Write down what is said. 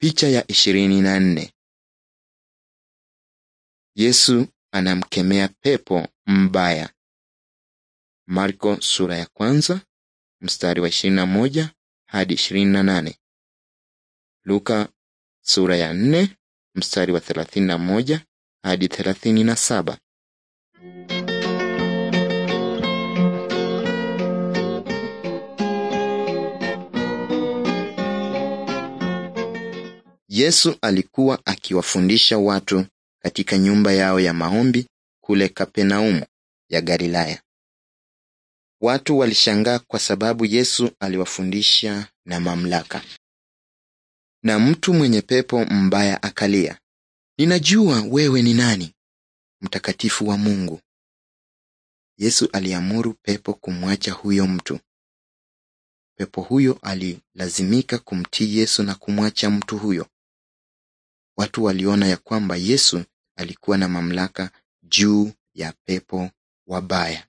Picha ya ishirini na nne. Yesu anamkemea pepo mbaya. Marko sura ya kwanza mstari wa ishirini na moja hadi ishirini na nane. Luka sura ya nne mstari wa thelathini na moja hadi thelathini na saba. Yesu alikuwa akiwafundisha watu katika nyumba yao ya maombi kule Kapenaumu ya Galilaya. Watu walishangaa kwa sababu Yesu aliwafundisha na mamlaka. Na mtu mwenye pepo mbaya akalia, "Ninajua wewe ni nani, mtakatifu wa Mungu." Yesu aliamuru pepo kumwacha huyo mtu. Pepo huyo alilazimika kumtii Yesu na kumwacha mtu huyo. Watu waliona ya kwamba Yesu alikuwa na mamlaka juu ya pepo wabaya.